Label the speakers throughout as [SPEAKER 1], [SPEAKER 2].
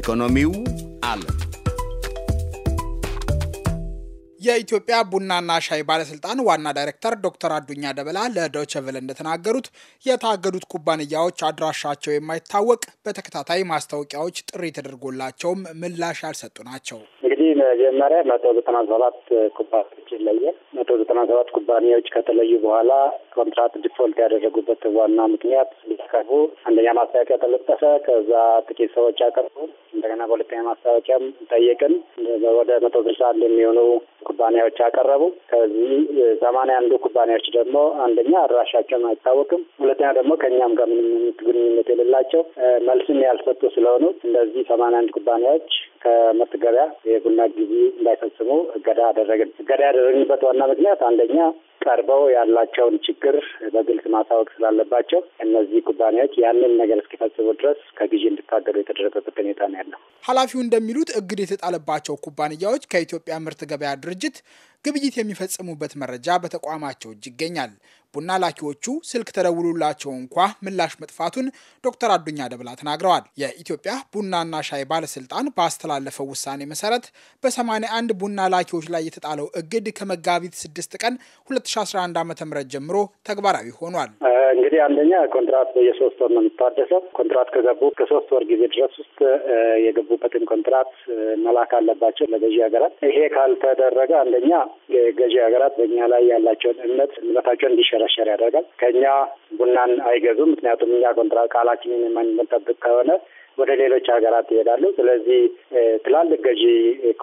[SPEAKER 1] ኢኮኖሚው አለ። የኢትዮጵያ ቡናና ሻይ ባለስልጣን ዋና ዳይሬክተር ዶክተር አዱኛ ደበላ ለዶይቼ ቬለ እንደተናገሩት የታገዱት ኩባንያዎች አድራሻቸው የማይታወቅ በተከታታይ ማስታወቂያዎች ጥሪ ተደርጎላቸውም ምላሽ ያልሰጡ ናቸው።
[SPEAKER 2] እንግዲህ መጀመሪያ መቶ ዘጠና ሰባት ኩባንያዎች ይለያል መቶ ዘጠና ሰባት ኩባንያዎች ከተለዩ በኋላ ኮንትራት ዲፎልት ያደረጉበት ዋና ምክንያት ሊያቀርቡ አንደኛ ማስታወቂያ ተለጠፈ። ከዛ ጥቂት ሰዎች አቀርቡ። እንደገና በሁለተኛ ማስታወቂያም ጠየቅን። ወደ መቶ ስልሳ አንድ የሚሆኑ ኩባንያዎች አቀረቡ። ከዚህ ሰማንያ አንዱ ኩባንያዎች ደግሞ አንደኛ አድራሻቸውን አይታወቅም፣ ሁለተኛ ደግሞ ከእኛም ጋር ምንም ግንኙነት የሌላቸው መልስም ያልሰጡ ስለሆኑ እንደዚህ ሰማንያ አንድ ኩባንያዎች ከምርት ገበያ የቡና ጊዜ እንዳይፈጽሙ እገዳ አደረግን። እገዳ ያደረግንበት ዋና ምክንያት አንደኛ ቀርበው ያላቸውን ችግር በግልጽ ማሳወቅ ስላለባቸው እነዚህ ኩባንያዎች ያንን ነገር እስኪፈጽሙ ድረስ ከግዢ እንዲታገዱ የተደረገበት
[SPEAKER 1] ሁኔታ ነው ያለው። ኃላፊው እንደሚሉት እግድ የተጣለባቸው ኩባንያዎች ከኢትዮጵያ ምርት ገበያ ድርጅት ግብይት የሚፈጽሙበት መረጃ በተቋማቸው እጅ ይገኛል። ቡና ላኪዎቹ ስልክ ተደውሉላቸው እንኳ ምላሽ መጥፋቱን ዶክተር አዱኛ ደብላ ተናግረዋል። የኢትዮጵያ ቡናና ሻይ ባለስልጣን ባስተላለፈው ውሳኔ መሰረት በ81 ቡና ላኪዎች ላይ የተጣለው እግድ ከመጋቢት 6 ቀን 2011 ዓ ም ጀምሮ ተግባራዊ ሆኗል።
[SPEAKER 2] እንግዲህ አንደኛ ኮንትራት የሶስት ወር ነው የሚታደሰው። ኮንትራት ከገቡ ከሶስት ወር ጊዜ ድረስ ውስጥ የገቡበትን ኮንትራት መላክ አለባቸው ለገዢ ሀገራት። ይሄ ካልተደረገ አንደኛ ገዢ ሀገራት በእኛ ላይ ያላቸውን እምነት እምነታቸውን እንዲሸረሸር ያደርጋል። ከእኛ ቡናን አይገዙም። ምክንያቱም እኛ ኮንትራት ቃላችንን የማንጠብቅ ከሆነ ወደ ሌሎች ሀገራት ይሄዳሉ። ስለዚህ ትላልቅ ገዢ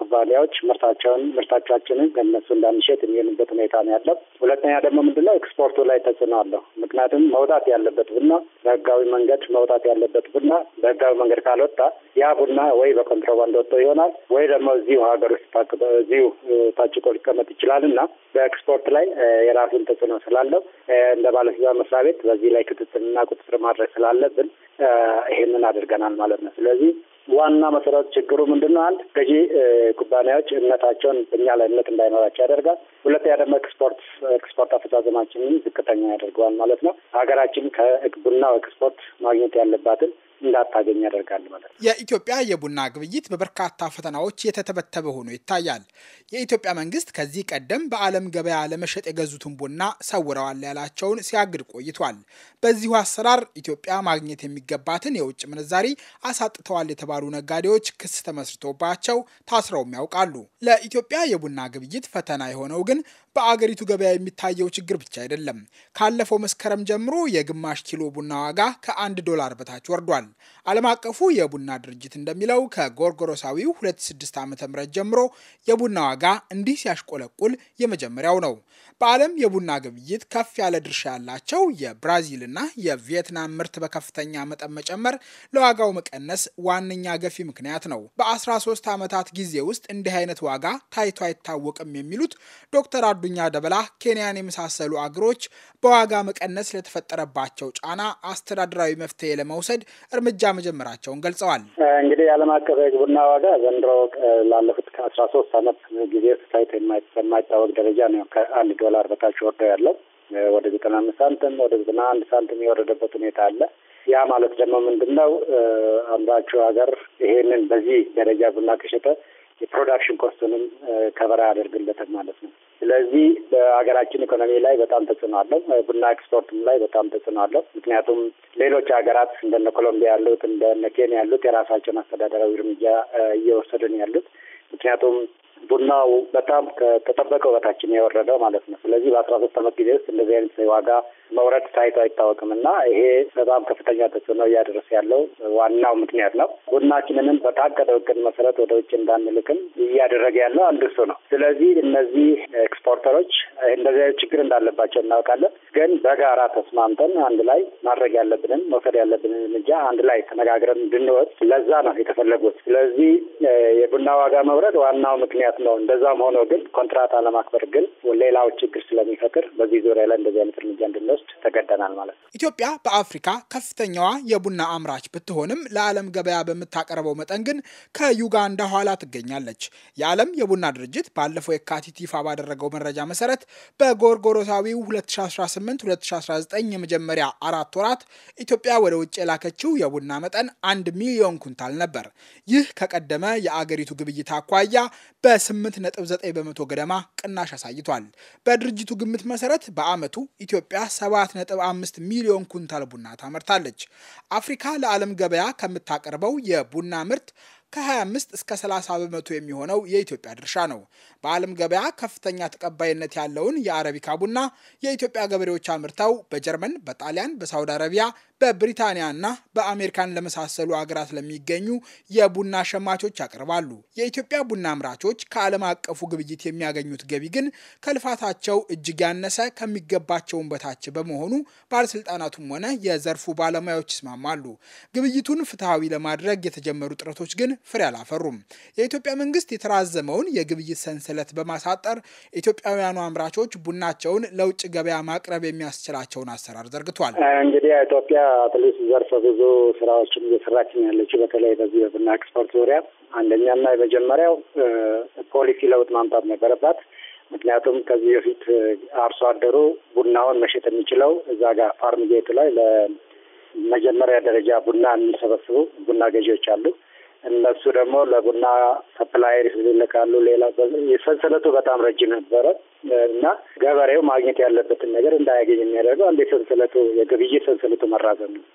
[SPEAKER 2] ኩባንያዎች ምርታቸውን ምርታቻችንን ከነሱ እንዳንሸጥ የሚሆንበት ሁኔታ ነው ያለው። ሁለተኛ ደግሞ ምንድነው ኤክስፖርቱ ላይ ተጽዕኖ አለው። ምክንያቱም መውጣት ያለበት ቡና በህጋዊ መንገድ መውጣት ያለበት ቡና በህጋዊ መንገድ ካልወጣ ያ ቡና ወይ በኮንትሮባንድ ወጥቶ ይሆናል ወይ ደግሞ እዚሁ ሀገር ውስጥ እዚሁ ታጭቆ ሊቀመጥ ይችላል እና በኤክስፖርት ላይ የራሱን ተጽዕኖ ስላለው እንደ ባለስልጣን መስሪያ ቤት በዚህ ላይ ክትትልና ቁጥጥር ማድረግ ስላለብን ይሄንን አድርገናል ማለት ነው። ስለዚህ ዋና መሰረት ችግሩ ምንድን ነው? አንድ ገዢ ኩባንያዎች እምነታቸውን እኛ ላይ እምነት እንዳይኖራቸው ያደርጋል። ሁለተኛ ደግሞ ኤክስፖርት ኤክስፖርት አፈጻጸማችንን ዝቅተኛ ያደርገዋል ማለት ነው። ሀገራችን ከቡና ኤክስፖርት ማግኘት ያለባትን እንዳታገኝ ያደርጋል ማለት ነው።
[SPEAKER 1] የኢትዮጵያ የቡና ግብይት በበርካታ ፈተናዎች የተተበተበ ሆኖ ይታያል። የኢትዮጵያ መንግስት ከዚህ ቀደም በዓለም ገበያ ለመሸጥ የገዙትን ቡና ሰውረዋል ያላቸውን ሲያግድ ቆይቷል። በዚሁ አሰራር ኢትዮጵያ ማግኘት የሚገባትን የውጭ ምንዛሪ አሳጥተዋል የተባሉ ነጋዴዎች ክስ ተመስርቶባቸው ታስረውም ያውቃሉ። ለኢትዮጵያ የቡና ግብይት ፈተና የሆነው ግን በአገሪቱ ገበያ የሚታየው ችግር ብቻ አይደለም። ካለፈው መስከረም ጀምሮ የግማሽ ኪሎ ቡና ዋጋ ከአንድ ዶላር በታች ወርዷል። ዓለም አቀፉ የቡና ድርጅት እንደሚለው ከጎርጎሮሳዊው 26 ዓ ም ጀምሮ የቡና ዋጋ እንዲህ ሲያሽቆለቁል የመጀመሪያው ነው። በዓለም የቡና ግብይት ከፍ ያለ ድርሻ ያላቸው የብራዚል እና የቪየትናም ምርት በከፍተኛ መጠን መጨመር ለዋጋው መቀነስ ዋነኛ ገፊ ምክንያት ነው። በ13 ዓመታት ጊዜ ውስጥ እንዲህ አይነት ዋጋ ታይቶ አይታወቅም የሚሉት ዶክተር አዱኛ ደበላ ኬንያን የመሳሰሉ አገሮች በዋጋ መቀነስ ለተፈጠረባቸው ጫና አስተዳደራዊ መፍትሄ ለመውሰድ እርምጃ መጀመራቸውን ገልጸዋል።
[SPEAKER 2] እንግዲህ የዓለም አቀፍ የግብርና ዋጋ ዘንድሮ ላለፉት ከአስራ ሶስት ዓመት ጊዜ ታይቶ የማይታወቅ ደረጃ ነው። ከአንድ ዶላር በታች ወርዶ ያለው ወደ ዘጠና አምስት ሳንቲም ወደ ዘጠና አንድ ሳንቲም የወረደበት ሁኔታ አለ። ያ ማለት ደግሞ ምንድን ነው? አምራቹ ሀገር ይሄንን በዚህ ደረጃ ቡና ከሸጠ የፕሮዳክሽን ኮስቱንም ከበራ ያደርግለታል ማለት ነው። ስለዚህ በሀገራችን ኢኮኖሚ ላይ በጣም ተጽዕኖ አለው። ቡና ኤክስፖርትም ላይ በጣም ተጽዕኖ አለው። ምክንያቱም ሌሎች ሀገራት እንደነ ኮሎምቢያ ያሉት እንደነ ኬንያ ያሉት የራሳቸውን አስተዳደራዊ እርምጃ እየወሰዱን ያሉት። ምክንያቱም ቡናው በጣም ከተጠበቀው በታችን የወረደው ማለት ነው። ስለዚህ በአስራ ሶስት አመት ጊዜ ውስጥ እንደዚህ አይነት ዋጋ መውረድ ታይቶ አይታወቅም እና ይሄ በጣም ከፍተኛ ተጽዕኖ እያደረሰ ያለው ዋናው ምክንያት ነው። ቡናችንንም በታቀደው እቅድ መሰረት ወደ ውጭ እንዳንልክም እያደረገ ያለው አንዱ እሱ ነው። ስለዚህ እነዚህ ሪፖርተሮች እንደዚህ አይነት ችግር እንዳለባቸው እናውቃለን። ግን በጋራ ተስማምተን አንድ ላይ ማድረግ ያለብንን መውሰድ ያለብንን እርምጃ አንድ ላይ ተነጋግረን እንድንወጥ ለዛ ነው የተፈለጉት። ስለዚህ የቡና ዋጋ መውረድ ዋናው ምክንያት ነው። እንደዛም ሆኖ ግን ኮንትራት አለማክበር ግን ሌላው ችግር ስለሚፈጥር በዚህ ዙሪያ ላይ እንደዚህ አይነት እርምጃ እንድንወስድ ተገደናል
[SPEAKER 1] ማለት ነው። ኢትዮጵያ በአፍሪካ ከፍተኛዋ የቡና አምራች ብትሆንም ለዓለም ገበያ በምታቀርበው መጠን ግን ከዩጋንዳ ኋላ ትገኛለች። የዓለም የቡና ድርጅት ባለፈው የካቲት ይፋ ባደረገው መረጃ መሰረት በጎርጎሮሳዊው 2018-2019 የመጀመሪያ አራት ወራት ኢትዮጵያ ወደ ውጭ የላከችው የቡና መጠን 1 ሚሊዮን ኩንታል ነበር። ይህ ከቀደመ የአገሪቱ ግብይት አኳያ በ8.9 በመቶ ገደማ ቅናሽ አሳይቷል። በድርጅቱ ግምት መሰረት በዓመቱ ኢትዮጵያ 7.5 ሚሊዮን ኩንታል ቡና ታመርታለች። አፍሪካ ለዓለም ገበያ ከምታቀርበው የቡና ምርት ከ25 እስከ 30 በመቶ የሚሆነው የኢትዮጵያ ድርሻ ነው። በዓለም ገበያ ከፍተኛ ተቀባይነት ያለውን የአረቢካ ቡና የኢትዮጵያ ገበሬዎች አምርተው በጀርመን፣ በጣሊያን፣ በሳውዲ አረቢያ፣ በብሪታንያና በአሜሪካን ለመሳሰሉ አገራት ለሚገኙ የቡና ሸማቾች ያቀርባሉ። የኢትዮጵያ ቡና አምራቾች ከዓለም አቀፉ ግብይት የሚያገኙት ገቢ ግን ከልፋታቸው እጅግ ያነሰ ከሚገባቸውን በታች በመሆኑ ባለስልጣናቱም ሆነ የዘርፉ ባለሙያዎች ይስማማሉ። ግብይቱን ፍትሐዊ ለማድረግ የተጀመሩ ጥረቶች ግን ፍሬ አላፈሩም። የኢትዮጵያ መንግስት የተራዘመውን የግብይት ሰንሰለት በማሳጠር ኢትዮጵያውያኑ አምራቾች ቡናቸውን ለውጭ ገበያ ማቅረብ የሚያስችላቸውን አሰራር ዘርግቷል። እንግዲህ
[SPEAKER 2] ኢትዮጵያ በአትሌት ዘርፈ ብዙ ስራዎችን እየሰራች ያለችው። በተለይ በዚህ በቡና ኤክስፖርት ዙሪያ አንደኛና የመጀመሪያው ፖሊሲ ለውጥ ማምጣት ነበረባት። ምክንያቱም ከዚህ በፊት አርሶ አደሩ ቡናውን መሸጥ የሚችለው እዛ ጋር ፋርም ጌቱ ላይ ለመጀመሪያ ደረጃ ቡና የሚሰበስቡ ቡና ገዢዎች አሉ። እነሱ ደግሞ ለቡና ሰፕላይ ይልካሉ። ሌላ ሰንሰለቱ በጣም ረጅም ነበረ። እና ገበሬው ማግኘት ያለበትን ነገር እንዳያገኝ የሚያደርገው አንድ የሰንሰለቱ የግብይት ሰንሰለቱ መራዘም ነው።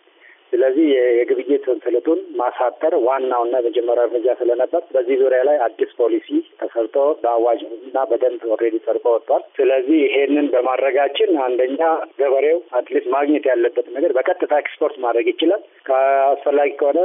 [SPEAKER 2] ስለዚህ የግብይት ሰንሰለቱን ማሳጠር ዋናውና መጀመሪያ እርምጃ ስለነበር በዚህ ዙሪያ ላይ አዲስ ፖሊሲ ተሰርቶ በአዋጅ እና በደንብ ኦልሬዲ ጸድቆ ወጥቷል። ስለዚህ ይሄንን በማድረጋችን አንደኛ ገበሬው አትሊስት ማግኘት ያለበት ነገር በቀጥታ ኤክስፖርት ማድረግ ይችላል። ከአስፈላጊ ከሆነ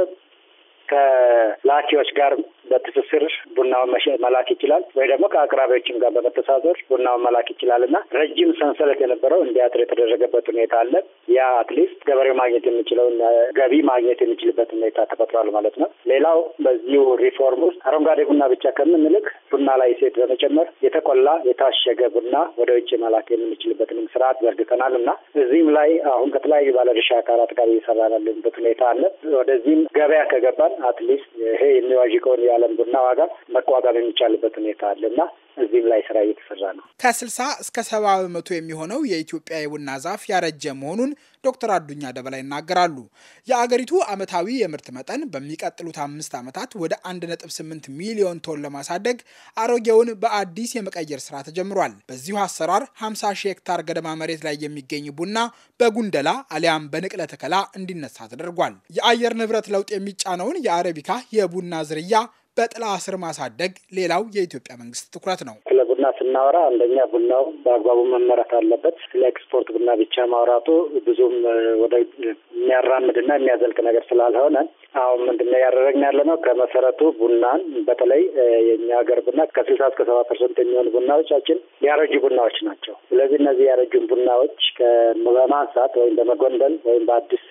[SPEAKER 2] ከላኪዎች ጋር በትስስር ቡናውን መላክ ይችላል፣ ወይ ደግሞ ከአቅራቢዎችም ጋር በመተሳሰር ቡናውን መላክ ይችላል እና ረጅም ሰንሰለት የነበረው እንዲያጥር የተደረገበት ሁኔታ አለ። ያ አትሊስት ገበሬው ማግኘት የሚችለውን ገቢ ማግኘት የሚችልበት ሁኔታ ተፈጥሯል ማለት ነው። ሌላው በዚሁ ሪፎርም ውስጥ አረንጓዴ ቡና ብቻ ከምንልክ ቡና ላይ ሴት በመጨመር የተቆላ የታሸገ ቡና ወደ ውጭ መላክ የምንችልበትንም ስርዓት ዘርግተናል እና እዚህም ላይ አሁን ከተለያዩ ባለድርሻ አካላት ጋር እየሰራ ያለንበት ሁኔታ አለ። ወደዚህም ገበያ ከገባን አትሊስት ይሄ የሚዋዥቀውን የዓለም ቡና ዋጋ መቋቋም የሚቻልበት ሁኔታ አለ እና እዚህም ላይ ስራ
[SPEAKER 1] እየተሰራ ነው። ከስልሳ እስከ ሰባ በመቶ የሚሆነው የኢትዮጵያ የቡና ዛፍ ያረጀ መሆኑን ዶክተር አዱኛ ደበላ ይናገራሉ። የአገሪቱ ዓመታዊ የምርት መጠን በሚቀጥሉት አምስት ዓመታት ወደ አንድ ነጥብ ስምንት ሚሊዮን ቶን ለማሳደግ አሮጌውን በአዲስ የመቀየር ስራ ተጀምሯል። በዚሁ አሰራር 50 ሺህ ሄክታር ገደማ መሬት ላይ የሚገኝ ቡና በጉንደላ አሊያም በንቅለ ተከላ እንዲነሳ ተደርጓል። የአየር ንብረት ለውጥ የሚጫነውን የአረቢካ የቡና ዝርያ በጥላ ስር ማሳደግ ሌላው የኢትዮጵያ መንግስት ትኩረት ነው።
[SPEAKER 2] ስለ ቡና ስናወራ አንደኛ ቡናው በአግባቡ መመረት አለበት። ስለ ኤክስፖርት ቡና ብቻ ማውራቱ ብዙም ወደ የሚያራምድና የሚያዘልቅ ነገር ስላልሆነ አሁን ምንድነው ያደረግን ያለ ነው ከመሰረቱ ቡናን በተለይ የእኛ ሀገር ቡና ከስልሳ እስከ ሰባ ፐርሰንት የሚሆኑ ቡናዎቻችን ያረጁ ቡናዎች ናቸው። ስለዚህ እነዚህ ያረጁን ቡናዎች በማንሳት ወይም በመጎንደል ወይም በአዲስ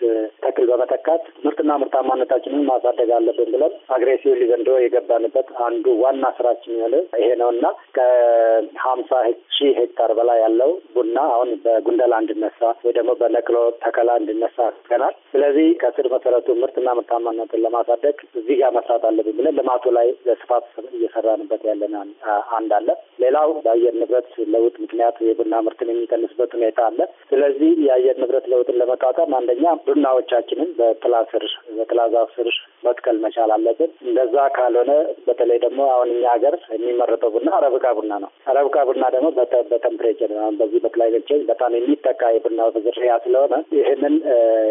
[SPEAKER 2] ተክል በመተካት ምርትና ምርታማነታችንን ማሳደግ አለብን ብለን አግሬሲቭ ሊዘንድሮ የገባንበት አንዱ ዋና ስራችን የሆነ ይሄ ነው እና ከሀምሳ ሺህ ሄክታር በላይ ያለው ቡና አሁን በጉንደላ እንድነሳ ወይ ደግሞ በነቅሎ ተከላ እንድነሳ ገናል። ስለዚህ ከስር መሰረቱ ምርትና ምርታማነትን ለማሳደግ እዚህ ጋር መስራት አለብን ብለን ልማቱ ላይ በስፋት እየሰራንበት ያለን አንድ አለ። ሌላው በአየር ንብረት ለውጥ ምክንያት የቡና ምርትን የሚቀንስበት ሁኔታ አለ። ስለዚህ የአየር ንብረት ለውጥን ለመቋቋም አንደኛ ቡናዎቻችንን በጥላ ስር በጥላ ዛፍ ስር መትከል መቻል አለብን። እንደዛ ካለ ስለሆነ በተለይ ደግሞ አሁን እኛ ሀገር የሚመረጠው ቡና አረብካ ቡና ነው። አረብካ ቡና ደግሞ በተምፕሬቸር አሁን በዚህ በክላይሜት ቼንጅ በጣም የሚጠቃ የቡና ዝርያ ስለሆነ ይህንን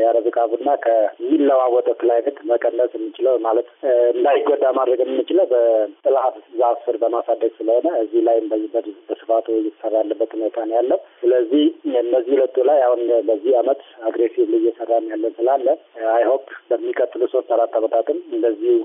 [SPEAKER 2] የአረብካ ቡና ከሚለዋወጠው ክላይሜት መቀነስ የምንችለው ማለት እንዳይጎዳ ማድረግ የምንችለው በጥላ ዛፍ ስር በማሳደግ ስለሆነ እዚህ ላይም በስፋቱ እየተሰራ ያለበት ሁኔታ ነው ያለው። ስለዚህ እነዚህ ሁለቱ ላይ አሁን በዚህ አመት አግሬሲቭ እየሰራን ያለን ስላለ አይሆፕ በሚቀጥሉ ሶስት አራት አመታትም እንደዚሁ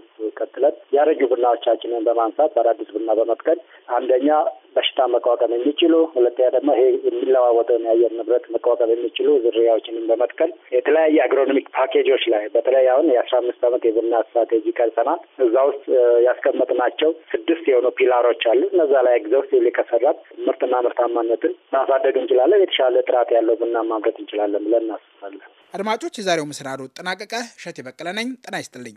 [SPEAKER 2] ቀጥለን ያረ የተለዩ ቡናዎቻችንን በማንሳት አዳዲስ ቡና በመትከል አንደኛ በሽታ መቋቋም የሚችሉ ሁለተኛ ደግሞ ይሄ የሚለዋወጠውን የአየር ንብረት መቋቋም የሚችሉ ዝርያዎችንም በመትከል የተለያየ አግሮኖሚክ ፓኬጆች ላይ በተለይ አሁን የአስራ አምስት ዓመት የቡና ስትራቴጂ ቀርጸናል። እዛ ውስጥ ያስቀመጥናቸው ስድስት የሆኑ ፒላሮች አሉ። እነዛ ላይ ኤግዘውስቲቭሊ ከሰራት ምርትና ምርታማነትን ማሳደግ እንችላለን። የተሻለ ጥራት ያለው ቡና ማምረት እንችላለን ብለን እናስባለን።
[SPEAKER 1] አድማጮች፣ የዛሬው ምስናዱ ጠናቀቀ። እሸት የበቀለ ነኝ። ጤና ይስጥልኝ።